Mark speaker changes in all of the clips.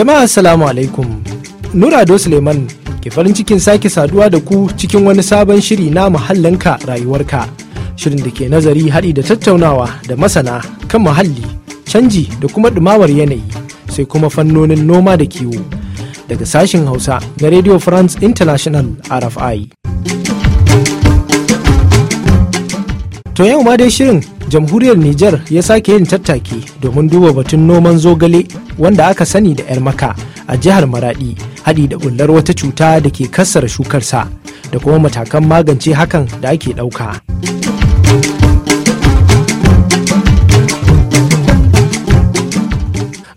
Speaker 1: Jama'a Assalamu alaikum. ado Suleiman ke farin cikin sake saduwa da ku cikin wani sabon shiri na muhallinka rayuwarka. Shirin da ke nazari haɗi da tattaunawa da masana kan muhalli, canji da kuma ɗumamar yanayi sai kuma fannonin noma da kiwo. Daga sashen Hausa na Radio France International RFI. To yau ma dai shirin jamhuriyar Nijar ya sake yin tattaki domin duba batun noman zogale wanda aka sani da 'yar maka a jihar maradi haɗi da bullar wata cuta da ke kassara shukarsa da kuma matakan magance hakan da ake ɗauka.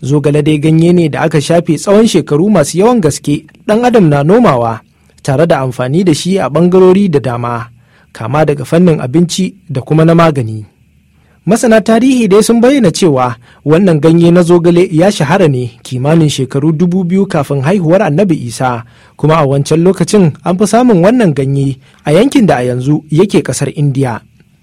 Speaker 1: zogale dai ganye ne da aka shafe tsawon shekaru masu yawan gaske ɗan adam na nomawa tare da amfani da shi a ɓangarori da dama kama daga fannin abinci da kuma na magani masana tarihi dai sun bayyana cewa wannan ganye na zogale ya shahara ne kimanin shekaru dubu biyu kafin haihuwar annabi isa kuma a wancan lokacin an fi samun wannan ganye a yankin da a yanzu yake kasar indiya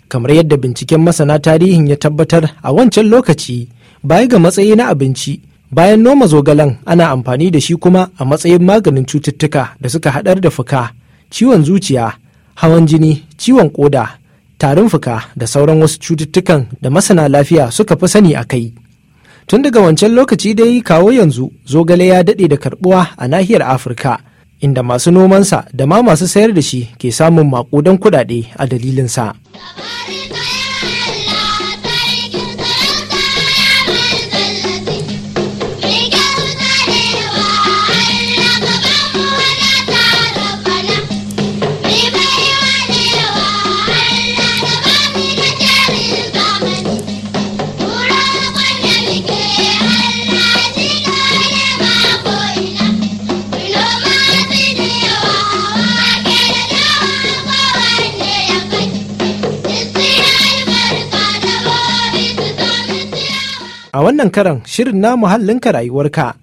Speaker 1: kamar yadda binciken masana tarihin ya tabbatar a wancan lokaci baya ga matsayi na abinci bayan noma zogalen ana amfani da shi kuma a matsayin maganin cututtuka da suka haɗar da fuka ciwon zuciya hawan jini ciwon koda tarin fuka da sauran wasu cututtukan da masana lafiya suka fi sani a kai. Tun daga wancan lokaci dai kawo yanzu zogale ya daɗe da karbuwa a nahiyar Afirka, inda masu nomansa da ma masu sayar da shi ke samun maƙudan kuɗaɗe a dalilinsa. wannan karan shirin na muhallinka rayuwarka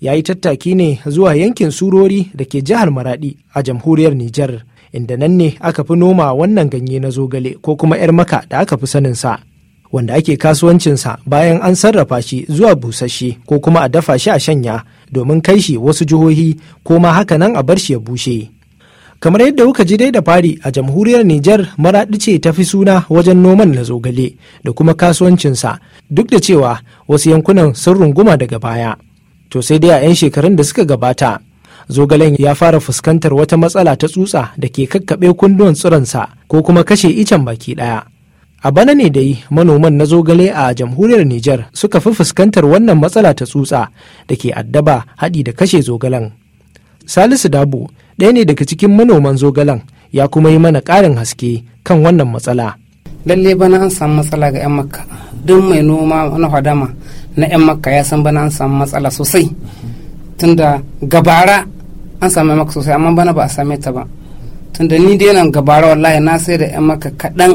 Speaker 1: ya yi tattaki ne zuwa yankin surori da ke jihar maradi a jamhuriyar Nijar inda nan ne aka fi noma wannan ganye na zogale ko kuma 'yar maka da aka fi saninsa wanda ake kasuwancinsa bayan an sarrafa shi zuwa busasshe ko kuma a dafa shi a shanya domin kai shi wasu jihohi ko ma haka nan a bar shi ya bushe. kamar yadda kuka ji dai da fari a jamhuriyar Nijar maraɗi ce ta fi suna wajen noman na zogale da kuma kasuwancinsa duk da cewa wasu yankunan sun runguma daga baya. To sai dai a 'yan shekarun da suka gabata zogalen ya fara fuskantar wata matsala ta tsutsa da ke kakkaɓe kunduwan tsironsa ko kuma kashe icen baki ɗaya. A bana ne dai manoman na zogale a jamhuriyar Nijar suka fi fuskantar wannan matsala ta tsutsa da ke addaba haɗi da kashe zogalen. Salisu Dabo ɗaya ne daga cikin manoman zogalen ya kuma yi mana ƙarin haske kan wannan matsala. lalle bana an samu matsala ga 'yan makka duk mai
Speaker 2: noma na hadama na 'yan makka ya san bana an samu matsala sosai tunda gabara an samu maka sosai amma bana ba a same ta ba tunda ni dai nan gabara wallahi na sai da 'yan makka kaɗan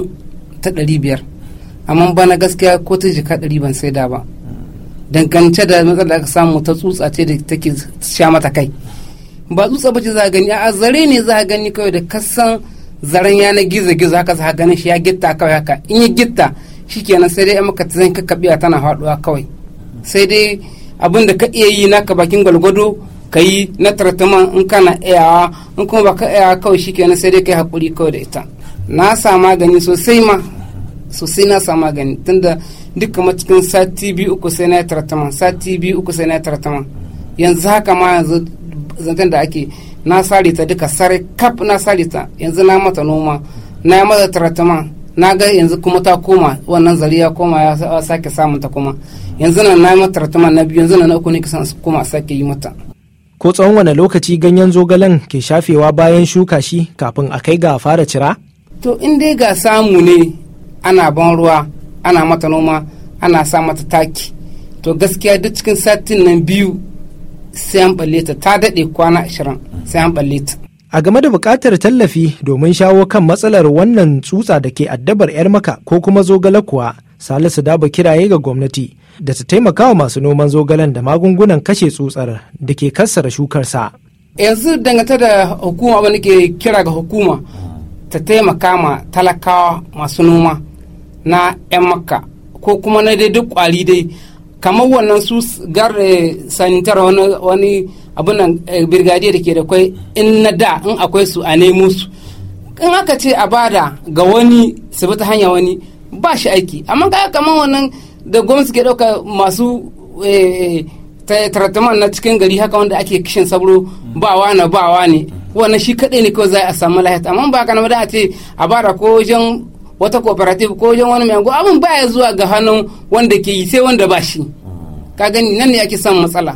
Speaker 2: ta ɗari biyar amma bana gaskiya ko ta jika ɗari ban sai da ba dangance da matsala da aka samu ta tsutsa ce da take sha mata kai ba tsutsa ba ce za gani a zare ne za gani kawai da kasan zaren na gizo gizo haka za ganin shi ya gitta kawai haka in ya gitta shikenan sai dai maka zan ka biya tana faduwa kawai sai dai abin da ka iya yi naka bakin gwalgwado ka yi na tartaman in kana iyawa in kuma baka iyawa kawai shi shikenan sai dai ka yi hakuri kawai da ita na sa magani sosai ma sosai na sa magani tunda duka kamar cikin sati biyu uku sai na tartaman sati biyu uku sai na tartaman yanzu haka ma yanzu zancen da ake na sare ta duka sare kap na sare ta yanzu na mata noma na yi mata taratama na ga yanzu kuma ta koma wannan zari ya koma ya sake samun ta kuma yanzu nan na mata taratama na biyu yanzu nan na uku ne kisan su koma sake yi mata
Speaker 1: ko tsawon wani lokaci ganyen zogalen ke shafewa bayan shuka shi kafin a kai ga fara cira to in dai
Speaker 2: ga samu
Speaker 1: ne ana ban ruwa ana mata noma ana
Speaker 2: sa mata taki to gaskiya duk cikin satin nan biyu sai an balle ta ta daɗe kwana ashirin
Speaker 1: sai an balle ta. A game da buƙatar tallafi domin shawo kan matsalar wannan tsutsa da ke addabar 'yar maka ko kuma zogale kuwa Salisu Daba kiraye ga gwamnati da ta taimaka wa masu noman zogalen da magungunan kashe tsutsar da ke kassara shukarsa. Yanzu dangata da hukuma abin ke kira ga hukuma ta
Speaker 2: taimaka ma talakawa masu noma na 'yan makka ko kuma na dai duk kwari dai kamar wannan su gar eh, sanitar wani wani nan eh, da ke da kwai in na da in akwai su a nemo su in aka ce a bada ga wani su bata hanya wani ba shi aiki amma ga kamar wannan da gwamnati ke dauka masu eh, tarataman na cikin gari haka wanda ake kishin sabro ba wane ba wane wannan shi kaɗai ne kawai za a samu lahiya amma ba kana da a ce a bara ko wajen wata cooperative ko wajen wani mai abin baya zuwa ga hannun wanda ke yi sai wanda ba shi ka gani nan ne ake son matsala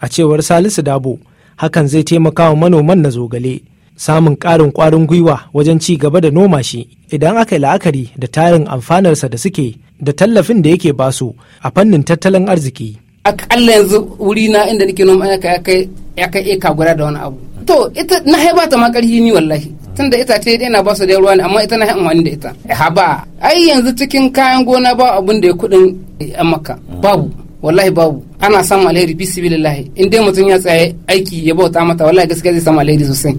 Speaker 1: a cewar salisu dabo hakan zai taimaka wa manoman na zogale samun ƙarin ƙwarin gwiwa wajen ci gaba da noma shi idan aka yi la'akari da tarin amfanarsa da suke da tallafin da yake basu a fannin tattalin arziki
Speaker 2: akalla yanzu wuri na inda nake noma ya kai eka guda da wani abu to ita na haibata ma ƙarfi ni wallahi tunda itace dai na basu da ruwa ne amma ita na wani da ita eh, haba ai yanzu cikin kayan gona ba abun da ya kudin eh, maka babu wallahi babu ana samun alheri fi sibilillahi in dai mutum ya tsaye aiki
Speaker 1: ya bauta mata wallahi gaskiya zai samu alheri sosai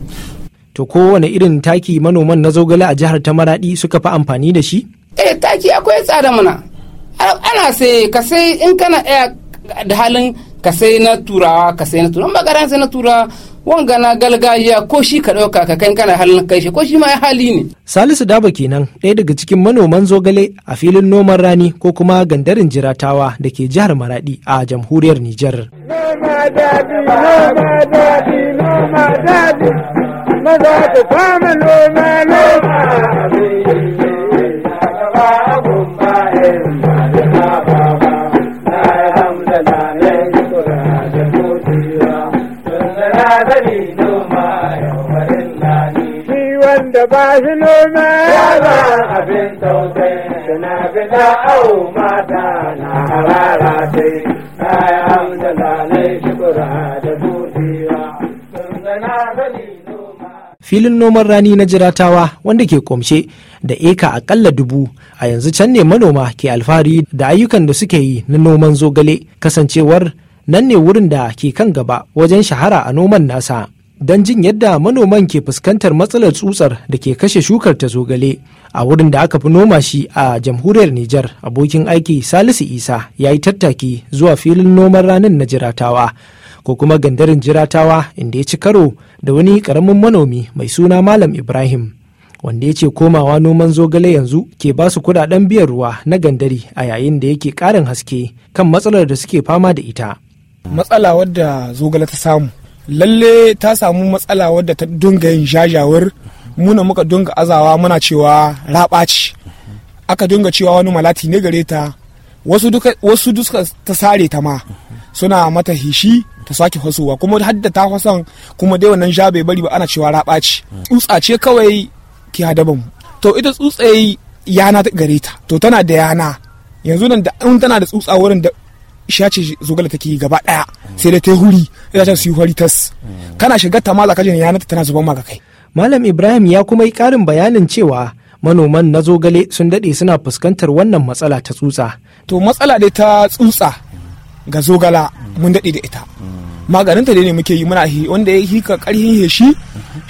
Speaker 1: to kowane irin taki manoman na zogale a jihar ta maradi suka fi amfani da shi eh taki akwai tsada mana ana
Speaker 2: sai ka sai in kana da halin ka sai na turawa ka sai na turawa ba sai na turawa wanga na galgajiya ko shi ka ɗauka ka kai kana halin kai shi ko shi ma ya hali ne.
Speaker 1: Salisu Daba kenan ɗaya daga cikin manoman zogale a filin noman rani ko kuma gandarin jiratawa da ke jihar Maraɗi a jamhuriyar Nijar. Noma daɗi,
Speaker 3: noma sani noma wanda ba shi noma ya ba abin tausayi da na bila au mata na harara sai kayan hamsa lalai shukura da buɗewa. Tunzana
Speaker 1: sani filin noman rani na jiratawa wanda ke kumshe da eka akalla dubu a yanzu can ne manoma ke alfahari da ayyukan da suke yi na noman zogale kasancewar nan ne wurin da ke kan gaba wajen shahara a noman nasa don jin yadda manoman ke fuskantar matsalar tsutsar da ke kashe shukar ta zogale a wurin da aka fi noma shi a jamhuriyar Nijar abokin aiki Salisu Isa ya yi tattaki zuwa filin noman ranar na jiratawa ko kuma gandarin jiratawa inda ya ci karo da wani karamin manomi mai suna Malam Ibrahim wanda ya ce komawa noman zogale yanzu ke ba su kudaden biyan ruwa na gandari a yayin da yake ƙarin haske kan
Speaker 4: matsalar da suke fama da ita. matsala wadda zogale ta samu lalle ta samu matsala wadda ta dunga yin jajawar muna muka dunga azawa muna cewa rabaci aka dunga cewa wani malati ne gare ta wasu duka ta sare ta ma suna mata hishi ta sake fasowa kuma hadda ta fasan kuma dai wannan ja bai bari ba ana cewa raba tsutsa ce kawai ki hadaban to ita tsutsa yana gare ta to tana da yana yanzu nan da in tana da tsutsa wurin da isha ce zogale take gaba daya sai dai ta huri ita ta su huri tas kana shiga ta mala kajin yana tana zuban maka kai malam ibrahim ya kuma yi karin bayanin
Speaker 1: cewa manoman na zogale sun dade suna fuskantar wannan matsala ta tsutsa to matsala dai
Speaker 4: ta tsutsa ga zogala mun dade da ita maganinta dai ne muke yi muna hi wanda ya hika karhin heshi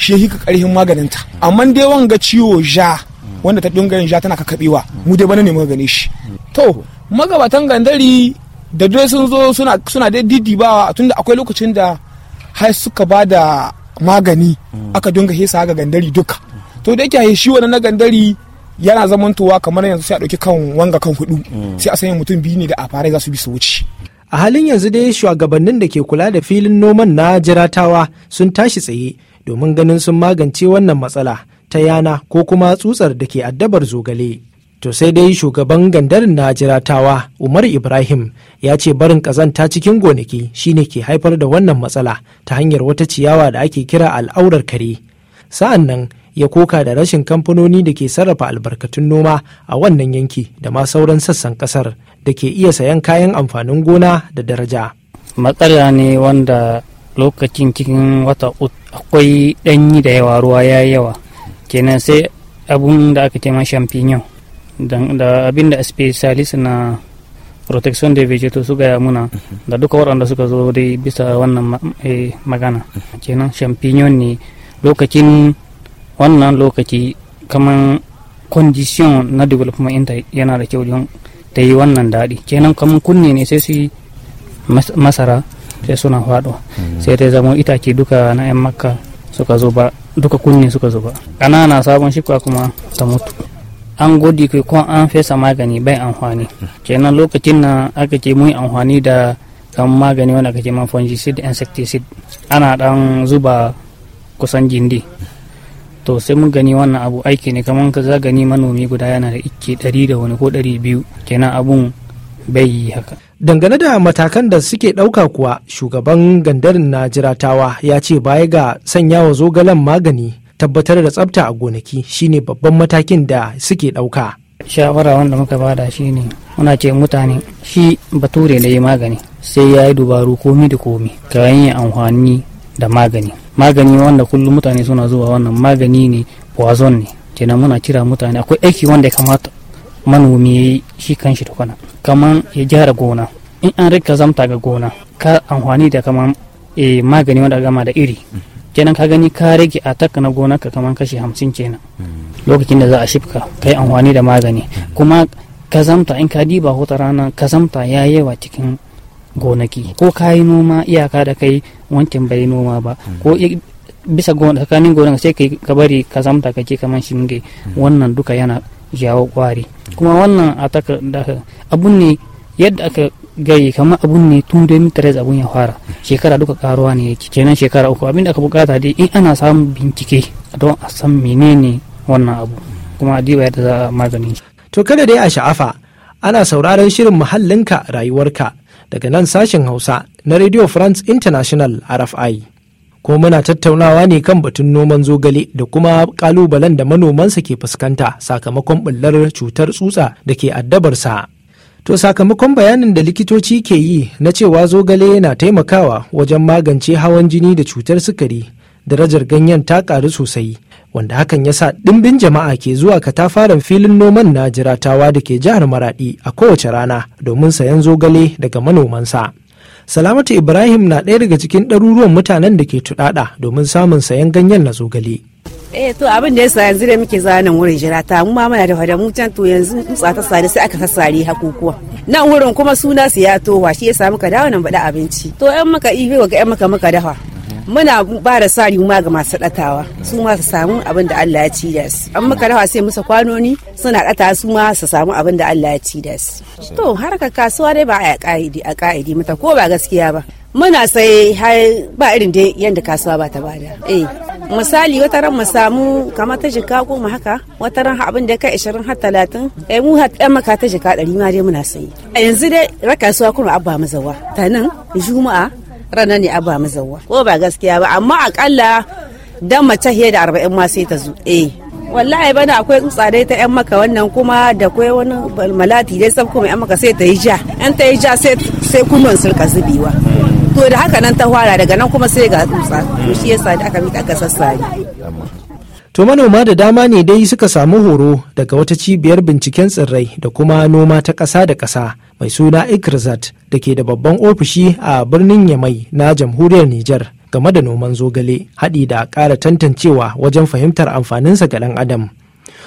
Speaker 4: shi hika karhin maganinta amma dai wanga ciwo ja wanda ta dinga yin ja tana kakabewa mu dai bana ne muka gane shi to magabatan gandari da dai sun zo suna suna dai didibawa tunda akwai lokacin da har suka ba da magani mm. aka dinga hesa ga gandari duka to da yake shi wani na gandari yana zamantowa kamar yanzu sai a ɗauki kan wanga kan hudu mm. sai a sanya mutum biyu ne da afarai za su bi su wuce a halin yanzu dai shugabannin da ke kula da filin noman na jiratawa
Speaker 1: sun tashi tsaye domin ganin sun magance wannan matsala ta yana ko kuma tsutsar da ke addabar zogale To sai dai shugaban gandarin na jiratawa Umar Ibrahim ya ce barin kazanta cikin gonaki shine ke haifar da wannan matsala ta hanyar wata ciyawa da ake kira al'aurar kare. Sa'an nan ya koka da rashin kamfanoni da ke sarrafa albarkatun noma a wannan yanki da ma sauran sassan kasar da ke iya sayan kayan amfanin gona da daraja. Matsala ne wanda lokacin
Speaker 5: cikin wata akwai ɗanyi da yawa ruwa ya yawa kenan sai abun da aka ce ma champignon da abinda specialist na protection da vegeto su gaya muna da duka waɗanda suka zo dai bisa wannan eh, magana kenan champignon ne lokacin wannan lokaci kamar condition na development inta yana da kyau don ta yi wannan daɗi kenan kamar kunne ne sai su masara sai suna faɗo sai ta zama itace duka na 'yan makka suka zo ba duka kunne suka zo ba ƙanana sabon shikwa kuma ta mutu an gudi kai ko an fesa magani bai amfani kenan lokacin nan aka ce mun amfani da kan magani wanda aka ce man fungicide insecticide ana dan zuba kusan gindi to sai mun gani wannan abu aiki ne kamar ka gani manomi guda yana da ikke ɗari da wani ko ɗari biyu kenan abun bai yi haka.
Speaker 1: Dangane da matakan da suke ɗauka kuwa shugaban gandarin na jiratawa ya ce baya ga sanya wa zogalen magani tabbatar da tsabta a gonaki shine babban matakin da suke ɗauka. shawara wanda muka bada shine muna ce mutane
Speaker 5: shi bature da yi magani sai ya yi dubaru komi da komi kayan yin amfani da magani magani wanda kullum mutane suna zuwa wannan magani ne poison ne kenan muna kira mutane akwai aiki wanda ya kamata manomi ya yi shi kanshi da kwana kaman ya gyara gona in an rika zamta ga gona ka amfani da kaman eh, magani wanda gama da iri kenan ka gani ka rage a tak na ka kaman kashi hamsin kenan lokacin da za a shifka kai amfani da magani kuma kazamta in ka diba wata rana kazamta ya yawa cikin gonaki ko ka yi noma iyaka da kai wancan bai noma ba ko bisa tsakanin gonar sai kai ka bari kazamta kake kamar shinge wannan duka yana jawo kwari kuma wannan a abun ne yadda aka gai kamar abun ne tun 2013 abun ya fara shekara duka karuwa ne yake kenan shekara uku abin da aka bukata dai in ana samun bincike don a san menene wannan abu
Speaker 1: kuma a diba yadda za a maganin shi to kada dai a sha'afa ana sauraron shirin muhallinka rayuwarka daga nan sashen hausa na radio france international rfi ko muna tattaunawa ne kan batun noman zogale da kuma kalubalen da manomansa ke fuskanta sakamakon bullar cutar tsutsa da ke addabarsa To sakamakon bayanin da likitoci ke yi na cewa zogale yana taimakawa wajen magance hawan jini da cutar sukari darajar ganyen ta ƙaru sosai wanda hakan ya sa ɗimbin jama'a ke zuwa katafaren filin noman na jiratawa da ke jihar maraɗi a kowace rana domin sayan zogale daga manomansa. Salamatu Ibrahim na ɗaya daga cikin ɗaruruwan mutanen da ke tuɗaɗa domin samun sayan ganyen na zogale.
Speaker 6: eh to abin da yasa yanzu da muke zanen wurin jira ta mu ma muna da hada mu can to yanzu a ta sare sai aka sassare hakukuwa nan wurin kuma suna su ya towa shi yasa muka dawo nan bada abinci to yan maka ife ga yan muka muka dafa muna ba da sari ma ga masu datawa su ma su samu abin da Allah ya ci da su an muka dafa sai musa kwanoni suna data su ma su samu abin da Allah ya ci da su to harkar kasuwa dai ba a ka'idi a ka'idi mata ko ba gaskiya ba muna sai har ba irin da yadda kasuwa ba ta bada eh misali wata ran mu samu kamar ta jika goma haka wata ran abin da kai 20 har 30 eh mu har ɗan maka ta jika 100 ma dai muna sai. a yanzu dai ra kasuwa kuma abba zawa ta nan juma'a rana ne abba zawa ko ba gaskiya ba amma akalla dan mace da 40 ma sai ta zo eh wallahi bana akwai tsadai ta yan maka wannan kuma da kwai wani malati dai sabko mai yan maka sai ta yi ja yan ta yi ja sai sun ka zubewa to da haka nan ta fara daga nan kuma sai ga tsutsa to mm. shi yasa da aka mika aka
Speaker 1: to manoma da dama ne dai suka samu horo daga wata cibiyar binciken tsirrai da kuma noma ta ƙasa da ƙasa mai suna ikrizat da ke da babban ofishi a birnin yamai na jamhuriyar nijar game da noman zogale haɗi da ƙara tantancewa wajen fahimtar amfaninsa ga ɗan adam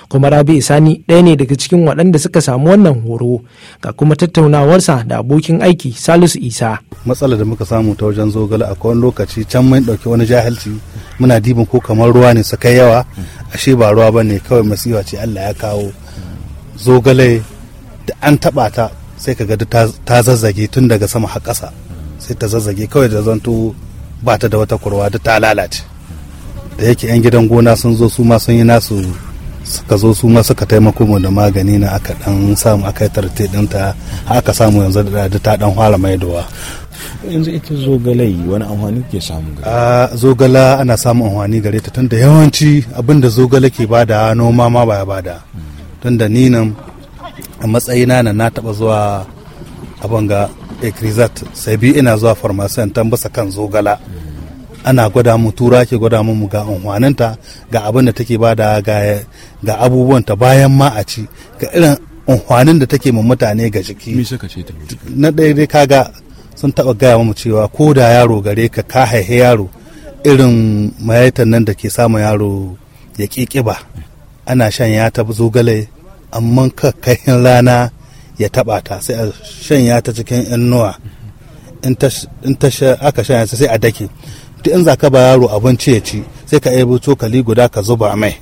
Speaker 1: kuma rabi sani ɗaya ne daga cikin waɗanda suka samu wannan horo ga kuma tattaunawarsa da abokin aiki salisu isa
Speaker 7: matsalar da muka samu ta wajen zogale a kowane lokaci can mai ɗauki wani jahilci muna dibin ko kamar ruwa ne su kai yawa ashe ba ruwa ba ne kawai masiwa ce allah ya kawo zogale da an taɓa ta sai ka ga ta zazzage tun daga sama har ƙasa sai ta zazzage kawai da zanto ba ta da wata kurwa da ta lalace da yake 'yan gidan gona sun zo su ma sun yi nasu suka zo su ma suka taimako mu da magani na aka dan samu aka tarte ta aka samu yanzu da ta dan fara maidowa yanzu ita zogalai wani amfani ke samu a ah, zogala ana samun amfani gare ta tunda yawanci abinda zogala ke bada noma ma baya bada tunda ni nan a matsayina na na taba zuwa abin ga ekrizat sai bi ina zuwa farmasiyan tambasa kan zogala ana gwada mu tura ke gwada mu ga unhwaninta ga abin da take bada ga ga abubuwan ta bayan ma a ci ga irin unhwanin da take mun mutane ga jiki na daidai dai kaga sun taɓa gaya mu cewa ko da yaro gare ka ka haihe yaro irin mayaitan nan da ke samun yaro ya ƙiƙiba ana shan ya ta zogale amma kakkayin rana ya taɓa ta sai a shan ya ta cikin innuwa in ta aka shan ya sai a dake duk in za ka ba yaro abinci ya ci sai ka ebo cokali guda ka zuba mai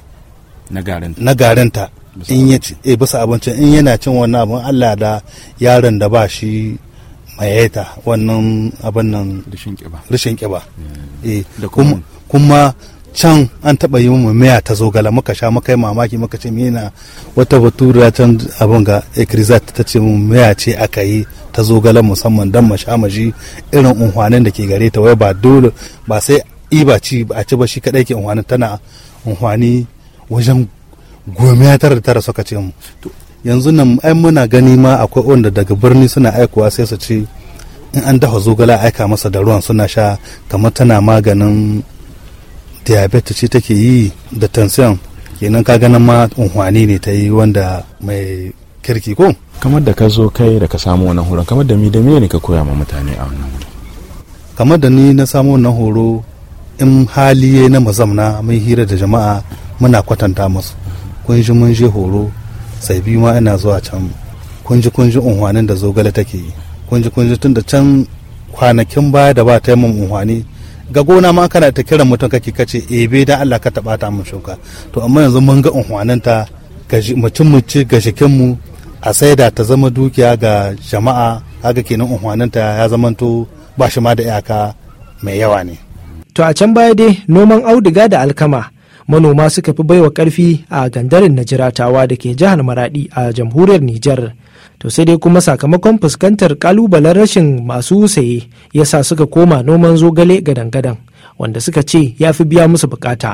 Speaker 3: na
Speaker 7: garinta in ya ci eh bisa abincin in yana cin wannan abin Allah da yaron da ba shi mayaita wannan abin nan rishin kiba eh, kuma can an taɓa yi mu miya ta zogale muka sha muka yi mamaki muka ce mina wata batura can abin ga ekrizat ta ce mu miya ce aka yi ta zogale musamman don mu sha maji irin unhwanin da ke gare ta wai ba dole ba sai iba ci ba a ci ba shi kadai ke unhwanin tana unhwani wajen gomiya tara tara suka ce mu yanzu nan ai muna gani ma akwai wanda daga birni suna aikowa sai su ce in an dafa zogala aika masa da ruwan suna sha kamar tana maganin diabetes ce take yi da tension kenan ka ganin ma unhwani ne ta yi wanda mai kirki ko
Speaker 4: kamar da ka zo kai da ka samu wannan horon kamar
Speaker 7: da mi da miye ne ka koya ma mutane a wannan wuri kamar da ni na samu wannan horo in hali na mazamna mai hira da jama'a muna kwatanta musu kun ji mun je horo sai bi ma ina zuwa can kun ji kun ji unhwanin da zogale take yi kun ji kun ji tun da can kwanakin baya da ba ta yi mun unhwani ga gona ma kana ta kiran mutum kake kace ebe eh, da Allah ka taba ta mun shuka to amma yanzu mun ga unhwananta mutum mu ci ga shikin mu a saida ta zama dukiya ga jama'a haka
Speaker 1: kenan unhwananta ya zamanto ba shi ma da iyaka mai yawa ne to a can baya dai noman auduga da alkama manoma suka fi baiwa karfi a gandarin najiratawa da ke jihar maradi a jamhuriyar nijar to sai dai kuma sakamakon fuskantar kalubalen rashin masu saye ya sa suka koma noman zogale gadan-gadan wanda suka ce ya fi biya musu bukata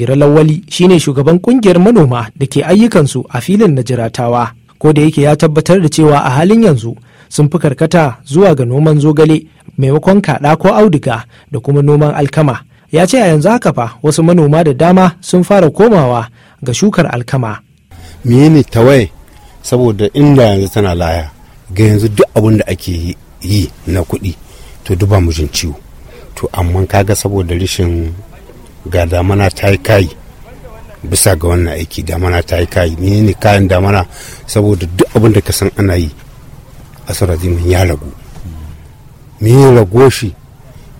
Speaker 1: ira lawali shine shugaban kungiyar manoma da ke ayyukansu a filin na jiratawa ko da yake ya tabbatar da cewa a halin yanzu sun fi karkata zuwa ga noman zogale maimakon kaɗa ko auduga da kuma noman alkama ya ce a yanzu haka fa wasu manoma da dama sun fara komawa ga shukar alkama
Speaker 3: menene tawaye saboda inda yanzu tana laya ga yanzu duk abin da ake yi na kuɗi to duba mujin ciwo to amma kaga saboda rashin ga damana ta yi kayi bisa ga wannan aiki damana ta yi kayi ne ne kayan damana saboda duk abin da ka san ana yi a asarazimin ya ragu me ya rago shi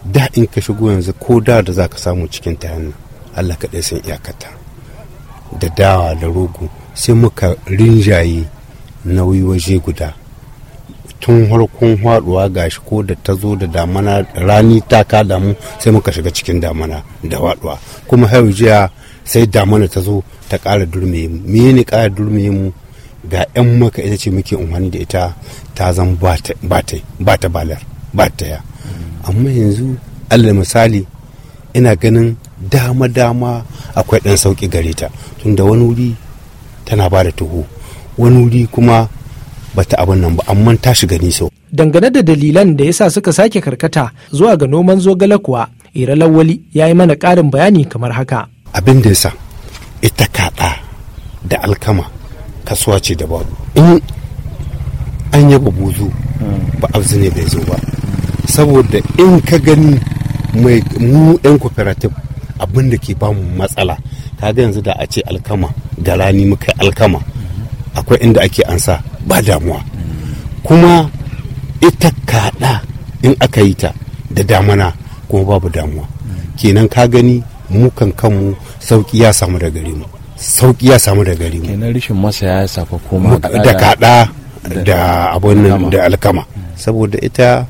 Speaker 3: da in ka shigo yanzu ko da da za ka samu cikin tayan hannu allah kaɗai san iyakata da dawa da rogo sai muka rinjaye nauyi waje guda tun harkon haɗuwa gashi ko da ta zo da damana rani ta ka damu sai muka shiga cikin damana da waɗuwa kuma har jiya sai damana ta zo ta ƙara durme mu me ne ƙara durme mu ga 'yan maka ita ce muke umarni da ita ta zan ba ta balar ba ta ya amma yanzu allah misali ina ganin dama-dama akwai ɗan sauƙi gare ta tun da wani wuri tana ba da tuhu wani wuri kuma bata abin nan ba amma ta shiga nisa
Speaker 1: dangane da dalilan da yasa suka sake karkata zuwa ga noman zogale kuwa ira lawali ya yi mana ƙarin bayani kamar haka
Speaker 3: abin da yasa ita kaɗa da alkama kasuwa ce da babu in an yaba buzu ba abu ne bai zo ba saboda in ka gani mai mu yan cooperative abin da ke bamu matsala kaga yanzu da a ce alkama da rani muka alkama akwai inda ake ansa ba damuwa kuma ita kaɗa in aka yi ta da damana kuma babu damuwa kenan ka gani mukan kanmu sauki ya samu da gare mu sauki ya samu da gare mu kenan rishin masa ya safa koma da kaɗa da abun da alkama mm. saboda ita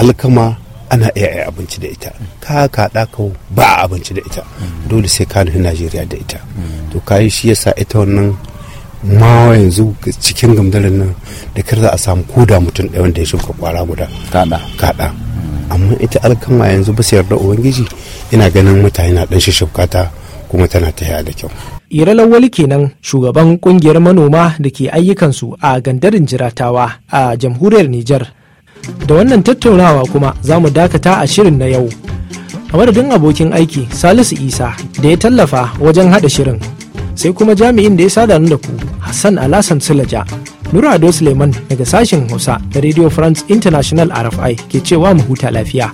Speaker 3: alkama ana iya yi abinci da ita ka kaɗa ka ba abinci da ita dole sai ka nufi najeriya da ita to ka yi shi yasa ita wannan ma yanzu cikin gamdarin nan da kar za a samu koda mutum ɗaya wanda ya shuka kwara guda kaɗa amma ita alkama yanzu ba su yarda ubangiji ina ganin mutane na ɗan ta kuma tana ta da kyau
Speaker 1: Ira Lawali kenan shugaban kungiyar manoma da ke ayyukansu a gandarin jiratawa a jamhuriyar Nijar da wannan tattaunawa kuma za mu dakata a shirin na yau a madadin abokin aiki salisu isa da ya tallafa wajen haɗa shirin sai kuma jami'in da ya sada da ku hassan alasan sulaja nura ado suleiman daga sashen hausa da radio france international rfi ke cewa mu huta lafiya